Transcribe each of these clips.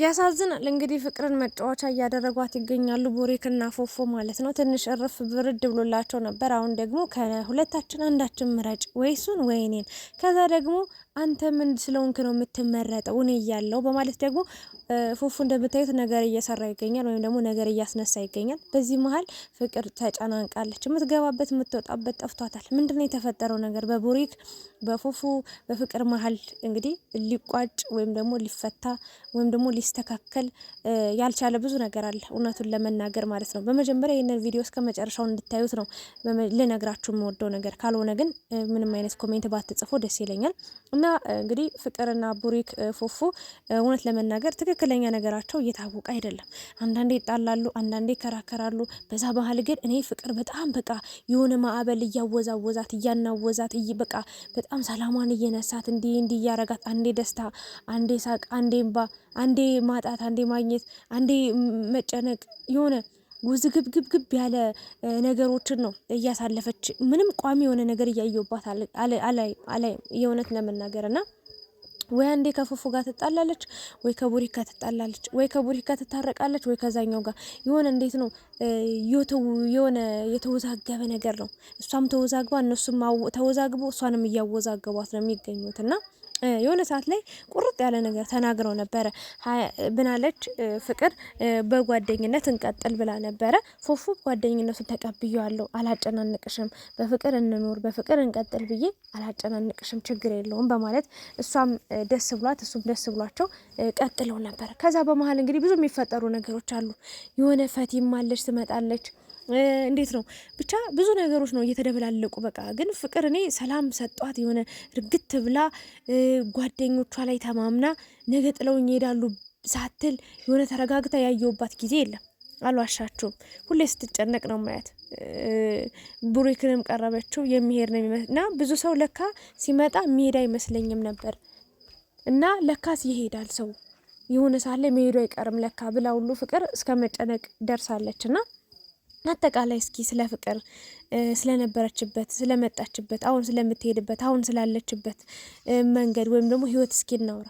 ያሳዝናል። እንግዲህ ፍቅርን መጫወቻ እያደረጓት ይገኛሉ። ቡሪክና ፎፎ ማለት ነው። ትንሽ እርፍ ብርድ ብሎላቸው ነበር። አሁን ደግሞ ከሁለታችን አንዳችን ምረጭ፣ ወይ እሱን ወይ እኔን። ከዛ ደግሞ አንተ ምን ስለሆንክ ነው የምትመረጠው እኔ እያለው በማለት ደግሞ ፉፉ እንደምታዩት ነገር እየሰራ ይገኛል፣ ወይም ደግሞ ነገር እያስነሳ ይገኛል። በዚህ መሀል ፍቅር ተጨናንቃለች። የምትገባበት የምትወጣበት ጠፍቷታል። ምንድነው የተፈጠረው ነገር በቡሪክ በፉፉ በፍቅር መሀል እንግዲህ ሊቋጭ ወይም ደግሞ ሊፈታ ወይም ደግሞ ሊስተካከል ያልቻለ ብዙ ነገር አለ፣ እውነቱን ለመናገር ማለት ነው። በመጀመሪያ ይህንን ቪዲዮ እስከ መጨረሻው እንድታዩት ነው ልነግራችሁ የምወደው ነገር። ካልሆነ ግን ምንም አይነት ኮሜንት ባትጽፎ ደስ ይለኛል። እና እንግዲህ ፍቅርና ቡሪክ ፎፎ እውነት ለመናገር ትክክለኛ ነገራቸው እየታወቀ አይደለም። አንዳንዴ ይጣላሉ፣ አንዳንዴ ይከራከራሉ። በዛ ባህል ግን እኔ ፍቅር በጣም በቃ የሆነ ማዕበል እያወዛወዛት እያናወዛት በቃ በጣም ሰላሟን እየነሳት እንዲህ እንዲህ እያረጋት አንዴ ደስታ፣ አንዴ ሳቅ፣ አንዴ እንባ፣ አንዴ ማጣት፣ አንዴ ማግኘት፣ አንዴ መጨነቅ የሆነ ውዝግብግብግብ ያለ ነገሮችን ነው እያሳለፈች። ምንም ቋሚ የሆነ ነገር እያየውባት አላይ የእውነት ለመናገር እና ወይ አንዴ ከፉፉ ጋር ትጣላለች፣ ወይ ከቡሪካ ትጣላለች፣ ወይ ከቡሪካ ትታረቃለች፣ ወይ ከዛኛው ጋር የሆነ እንዴት ነው የሆነ የተወዛገበ ነገር ነው። እሷም ተወዛግባ እነሱም ተወዛግቦ እሷንም እያወዛገቧት ነው የሚገኙት እና የሆነ ሰዓት ላይ ቁርጥ ያለ ነገር ተናግረው ነበረ። ብናለች ፍቅር በጓደኝነት እንቀጥል ብላ ነበረ። ፉፉ ጓደኝነቱን ተቀብያለሁ፣ አላጨናንቅሽም፣ በፍቅር እንኖር በፍቅር እንቀጥል ብዬ አላጨናንቅሽም፣ ችግር የለውም በማለት እሷም ደስ ብሏት እሱም ደስ ብሏቸው ቀጥለው ነበረ። ከዛ በመሀል እንግዲህ ብዙ የሚፈጠሩ ነገሮች አሉ። የሆነ ፈቲም አለች ትመጣለች እንዴት ነው ብቻ ብዙ ነገሮች ነው እየተደበላለቁ በቃ። ግን ፍቅር እኔ ሰላም ሰጧት የሆነ እርግት ብላ ጓደኞቿ ላይ ተማምና ነገ ጥለውኝ ይሄዳሉ ሳትል የሆነ ተረጋግታ ያየውባት ጊዜ የለም። አልዋሻችሁም። ሁሌ ስትጨነቅ ነው ማየት። ብሩክንም ቀረበችው የሚሄድ ነው እና ብዙ ሰው ለካ ሲመጣ የሚሄድ አይመስለኝም ነበር እና ለካስ ይሄዳል ሰው የሆነ ሳለ መሄዱ አይቀርም ለካ ብላ ሁሉ ፍቅር እስከ መጨነቅ ደርሳለች እና አጠቃላይ እስኪ ስለ ፍቅር ስለነበረችበት ስለመጣችበት አሁን ስለምትሄድበት አሁን ስላለችበት መንገድ ወይም ደግሞ ህይወት እስኪ እናውራ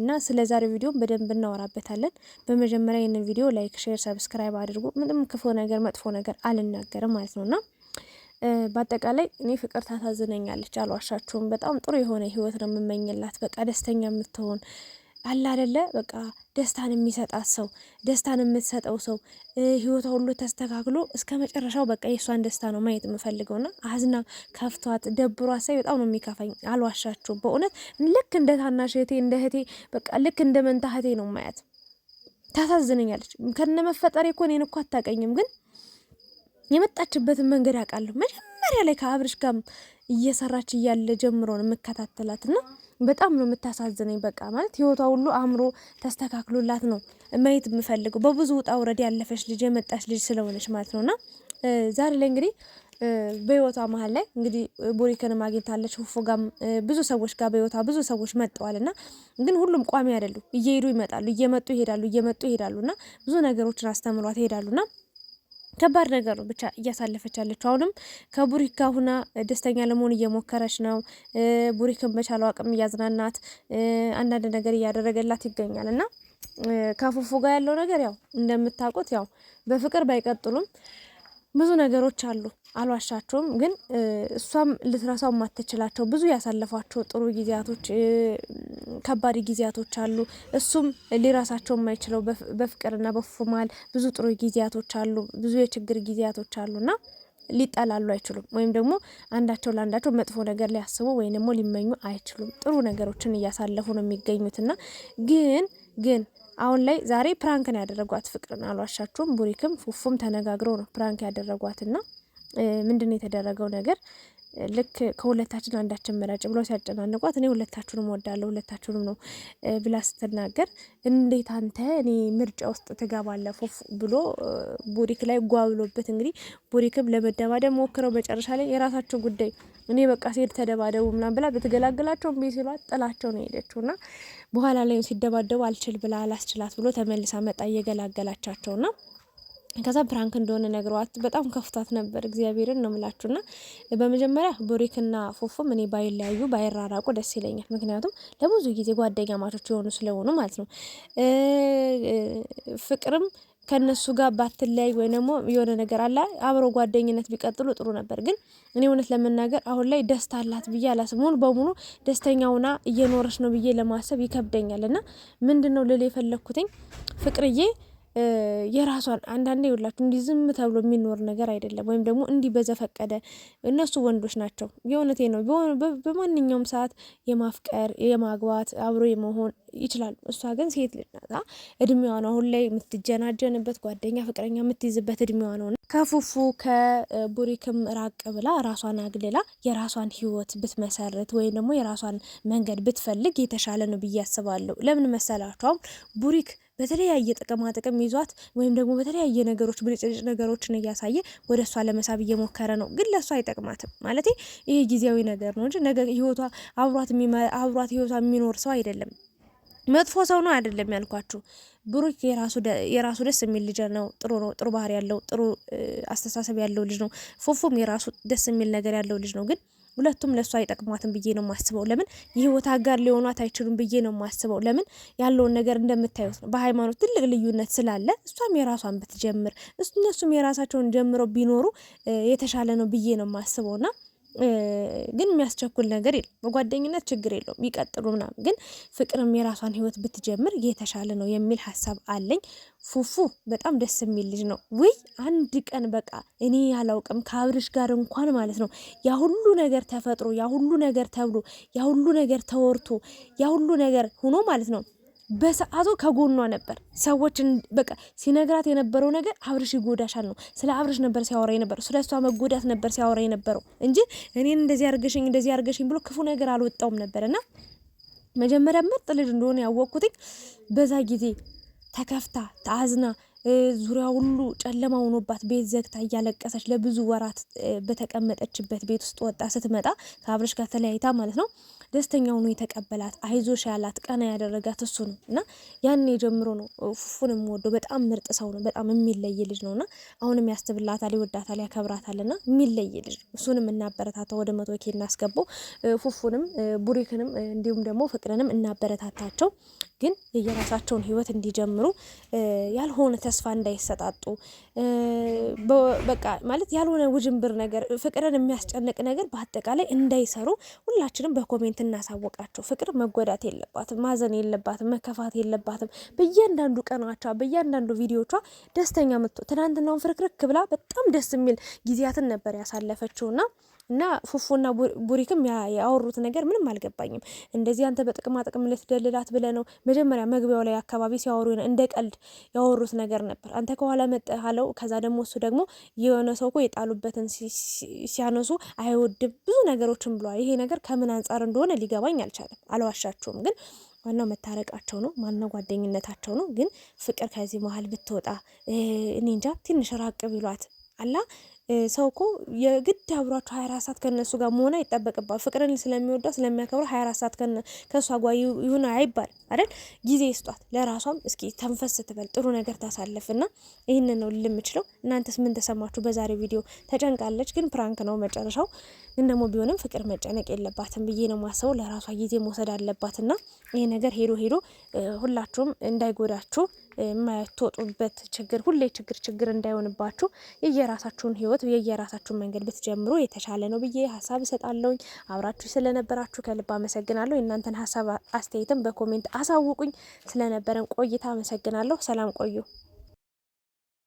እና ስለ ዛሬው ቪዲዮ በደንብ እናወራበታለን። በመጀመሪያ ይህንን ቪዲዮ ላይክ፣ ሼር፣ ሰብስክራይብ አድርጉ። ምንም ክፉ ነገር መጥፎ ነገር አልናገርም ማለት ነው እና በአጠቃላይ እኔ ፍቅር ታሳዝነኛለች፣ አልዋሻችሁም። በጣም ጥሩ የሆነ ህይወት ነው የምመኝላት፣ በቃ ደስተኛ የምትሆን አላ አደለ በቃ ደስታን የሚሰጣት ሰው ደስታን የምትሰጠው ሰው ህይወቷ ሁሉ ተስተካክሎ እስከ መጨረሻው በቃ የእሷን ደስታ ነው ማየት ና አዝና ከፍቷት ደብሯት ሳይ በጣም ነው የሚከፋኝ። አልዋሻችሁም። በእውነት ልክ እንደ ታናሽ እህቴ እንደ እህቴ በቃ ልክ እንደ መንታ እህቴ ነው ማያት። ታሳዝነኛለች። ከነ መፈጠሬ እኮ እኔን እኮ አታቀኝም፣ ግን የመጣችበትን መንገድ አውቃለሁ። መጀመሪያ ላይ ከአብርሽ ጋር እየሰራች እያለ ጀምሮ ነው የምከታተላት እና በጣም ነው የምታሳዝነኝ። በቃ ማለት ህይወቷ ሁሉ አእምሮ ተስተካክሎላት ነው ማየት የምፈልገው በብዙ ውጣ ውረድ ያለፈች ልጅ የመጣች ልጅ ስለሆነች ማለት ነውና ዛሬ ላይ እንግዲህ በህይወቷ መሀል ላይ እንግዲህ ቦሪከንም ማግኝታለች። ፎፎ ጋም ብዙ ሰዎች ጋር በህይወቷ ብዙ ሰዎች መጠዋል እና ግን ሁሉም ቋሚ አይደሉ። እየሄዱ ይመጣሉ፣ እየመጡ ይሄዳሉ፣ እየመጡ ይሄዳሉ እና ብዙ ነገሮችን አስተምሯት ይሄዳሉና ከባድ ነገር ነው ብቻ እያሳለፈች ያለችው። አሁንም ከቡሪክ ጋር ሁና ደስተኛ ለመሆን እየሞከረች ነው። ቡሪክን በቻለው አቅም እያዝናናት አንዳንድ ነገር እያደረገላት ይገኛል እና ከፉፉ ጋር ያለው ነገር ያው እንደምታውቁት ያው በፍቅር ባይቀጥሉም ብዙ ነገሮች አሉ አልዋሻቸውም ግን እሷም ልትረሳው የማትችላቸው ብዙ ያሳለፏቸው ጥሩ ጊዜያቶች፣ ከባድ ጊዜያቶች አሉ። እሱም ሊረሳቸው የማይችለው በፍቅርና በፉማል ብዙ ጥሩ ጊዜያቶች አሉ፣ ብዙ የችግር ጊዜያቶች አሉና ሊጠላሉ አይችሉም። ወይም ደግሞ አንዳቸው ለአንዳቸው መጥፎ ነገር ሊያስቡ ወይም ደግሞ ሊመኙ አይችሉም። ጥሩ ነገሮችን እያሳለፉ ነው የሚገኙትና ግን ግን አሁን ላይ ዛሬ ፕራንክን ያደረጓት ፍቅርን አልዋሻችሁም። ቡሪክም ፉፉም ተነጋግረው ነው ፕራንክ ያደረጓትና ምንድን ነው የተደረገው ነገር ልክ ከሁለታችን አንዳችን መራጭ ብለው ሲያጨናንቋት እኔ ሁለታችሁንም ወዳለሁ ሁለታችሁንም ነው ብላ ስትናገር እንዴት አንተ እኔ ምርጫ ውስጥ ትገባለህ ብሎ ቡሪክ ላይ ጓብሎበት ብሎበት እንግዲህ ቡሪክም ለመደባደብ ሞክረው መጨረሻ ላይ የራሳቸው ጉዳይ እኔ በቃ ሲሄድ ተደባደቡ ምናምን ብላ ብትገላግላቸው እምቢ ሲሏት ጥላቸው ነው የሄደችው እና በኋላ ላይ ሲደባደቡ አልችል ብላ አላስችላት ብሎ ተመልሳ መጣ እየገላገላቻቸው ነው ከዛ ፕራንክ እንደሆነ ነግረዋት በጣም ከፍቷት ነበር። እግዚአብሔርን ነው ምላችሁና በመጀመሪያ ብሩክና ፉፉም እኔ ባይለያዩ ባይራራቁ ደስ ይለኛል። ምክንያቱም ለብዙ ጊዜ ጓደኛ ማቾች የሆኑ ስለሆኑ ማለት ነው። ፍቅርም ከነሱ ጋር ባትለያይ ወይ ደግሞ የሆነ ነገር አለ አብሮ ጓደኝነት ቢቀጥሉ ጥሩ ነበር። ግን እኔ እውነት ለመናገር አሁን ላይ ደስታ አላት ብዬ አላስብ። ሙሉ በሙሉ ደስተኛውና እየኖረች ነው ብዬ ለማሰብ ይከብደኛል። እና ምንድን ነው ልል የፈለግኩትኝ ፍቅርዬ የራሷን አንዳንዴ ይውላችሁ እንዲህ ዝም ተብሎ የሚኖር ነገር አይደለም። ወይም ደግሞ እንዲህ በዘፈቀደ እነሱ ወንዶች ናቸው። የእውነቴ ነው። በማንኛውም ሰዓት የማፍቀር የማግባት አብሮ የመሆን ይችላሉ። እሷ ግን ሴት ልጅ ናት። እድሜዋ ነው አሁን ላይ የምትጀናጀንበት ጓደኛ ፍቅረኛ የምትይዝበት እድሜዋ ነው። ከፉፉ ከቡሪክም ራቅ ብላ ራሷን አግልላ የራሷን ህይወት ብትመሰርት ወይም ደግሞ የራሷን መንገድ ብትፈልግ የተሻለ ነው ብዬ አስባለሁ። ለምን መሰላቸውም ቡሪክ በተለያየ ጥቅማ ጥቅም ይዟት ወይም ደግሞ በተለያየ ነገሮች ብልጭልጭ ነገሮችን እያሳየ ወደ እሷ ለመሳብ እየሞከረ ነው። ግን ለእሷ አይጠቅማትም ማለት ይሄ ጊዜያዊ ነገር ነው እንጂ ነገ ህይወቷ አብሯት አብሯት ህይወቷ የሚኖር ሰው አይደለም። መጥፎ ሰው ነው አይደለም ያልኳችሁ። ብሩክ የራሱ ደስ የሚል ልጅ ነው። ጥሩ ነው። ጥሩ ባህሪ ያለው ጥሩ አስተሳሰብ ያለው ልጅ ነው። ፉፉም የራሱ ደስ የሚል ነገር ያለው ልጅ ነው ግን ሁለቱም ለእሷ አይጠቅሟትም ብዬ ነው ማስበው ለምን የህይወት አጋር ሊሆኗት አይችሉም ብዬ ነው ማስበው ለምን ያለውን ነገር እንደምታዩት ነው። በሃይማኖት ትልቅ ልዩነት ስላለ እሷም የራሷን ብትጀምር እነሱም የራሳቸውን ጀምረው ቢኖሩ የተሻለ ነው ብዬ ነው የማስበው ና ግን የሚያስቸኩል ነገር የለም። በጓደኝነት ችግር የለውም ይቀጥሉ ምናምን። ግን ፍቅርም የራሷን ህይወት ብትጀምር የተሻለ ነው የሚል ሀሳብ አለኝ። ፉፉ በጣም ደስ የሚል ልጅ ነው። ውይ አንድ ቀን በቃ እኔ ያላውቅም ከአብርሽ ጋር እንኳን ማለት ነው ያ ሁሉ ነገር ተፈጥሮ ያ ሁሉ ነገር ተብሎ ያ ሁሉ ነገር ተወርቶ ያ ሁሉ ነገር ሆኖ ማለት ነው በሰዓቱ ከጎኗ ነበር። ሰዎች በቃ ሲነግራት የነበረው ነገር አብርሽ ይጎዳሻል ነው። ስለ አብርሽ ነበር ሲያወራ የነበረው፣ ስለ እሷ መጎዳት ነበር ሲያወራ የነበረው እንጂ እኔን እንደዚህ አድርገሽኝ እንደዚህ አድርገሽኝ ብሎ ክፉ ነገር አልወጣውም ነበር። እና መጀመሪያ ምርጥ ልጅ እንደሆነ ያወቅኩትኝ በዛ ጊዜ ተከፍታ ተአዝና ዙሪያ ሁሉ ጨለማ ሆኖባት ቤት ዘግታ እያለቀሰች ለብዙ ወራት በተቀመጠችበት ቤት ውስጥ ወጣ ስትመጣ ከአብረሽ ጋር ተለያይታ ማለት ነው። ደስተኛ ሆኖ የተቀበላት አይዞሽ ያላት ቀና ያደረጋት እሱ ነው እና ያኔ ጀምሮ ነው ፉፉን የምወደው። በጣም ምርጥ ሰው ነው። በጣም የሚለይ ልጅ ነው እና አሁንም ያስብላታል፣ ይወዳታል፣ ያከብራታል እና የሚለይ ልጅ ነው። እሱንም እናበረታታ ወደ መቶ ኬ እናስገባው። ፉፉንም ቡሪክንም እንዲሁም ደግሞ ፍቅርንም እናበረታታቸው፣ ግን የየራሳቸውን ህይወት እንዲጀምሩ ያልሆነ ተስፋ እንዳይሰጣጡ በቃ ማለት ያልሆነ ውዥንብር ነገር ፍቅርን የሚያስጨንቅ ነገር በአጠቃላይ እንዳይሰሩ ሁላችንም በኮሜንት እናሳወቃቸው። ፍቅር መጎዳት የለባትም፣ ማዘን የለባትም፣ መከፋት የለባትም። በእያንዳንዱ ቀናቿ በእያንዳንዱ ቪዲዮቿ ደስተኛ ምቶ ትናንትናውን ፍርክርክ ብላ በጣም ደስ የሚል ጊዜያትን ነበር ያሳለፈችውና እና ፉፉና ቡሪክም ያወሩት ነገር ምንም አልገባኝም። እንደዚህ አንተ በጥቅማ ጥቅም ልትደልላት ብለህ ነው መጀመሪያ መግቢያው ላይ አካባቢ ሲያወሩ እንደ ቀልድ ያወሩት ነገር ነበር። አንተ ከኋላ መጠህ አለው። ከዛ ደግሞ እሱ ደግሞ የሆነ ሰው እኮ የጣሉበትን ሲያነሱ አይወድም ብዙ ነገሮችን ብለዋል። ይሄ ነገር ከምን አንጻር እንደሆነ ሊገባኝ አልቻለም። አልዋሻችሁም ግን ዋናው መታረቃቸው ነው። ማነው ጓደኝነታቸው ነው። ግን ፍቅር ከዚህ መሀል ብትወጣ እኔ እንጃ ትንሽ ራቅ ቢሏት አላ ሰው እኮ የግድ አብሯቸው ሀያ አራት ሰዓት ከነሱ ጋር መሆን ይጠበቅባል። ፍቅርን ስለሚወዷ ስለሚያከብሩ ሀያ አራት ሰዓት ከእሷ ጓ ይሁን አይባል አይደል? ጊዜ ስጧት ለራሷም። እስኪ ተንፈስ ስትበል ጥሩ ነገር ና ይህን ነው ልምችለው። እናንተስ ምን ተሰማችሁ? በዛሬው ቪዲዮ ተጨንቃለች፣ ግን ፕራንክ ነው መጨረሻው። ግን ደግሞ ቢሆንም ፍቅር መጨነቅ የለባትም ብዬ ነው ማሰቡ። ለራሷ ጊዜ መውሰድ አለባትና ይሄ ነገር ሄዶ ሄዶ ሁላችሁም እንዳይጎዳችሁ የማትወጡበት ችግር ሁሌ ችግር ችግር እንዳይሆንባችሁ የየራሳችሁን ህይወት ህይወት የየራሳችሁን መንገድ ብትጀምሩ የተሻለ ነው ብዬ ሀሳብ እሰጣለሁኝ። አብራችሁ ስለነበራችሁ ከልብ አመሰግናለሁ። የእናንተን ሀሳብ አስተያየትም በኮሜንት አሳውቁኝ። ስለነበረን ቆይታ አመሰግናለሁ። ሰላም ቆዩ።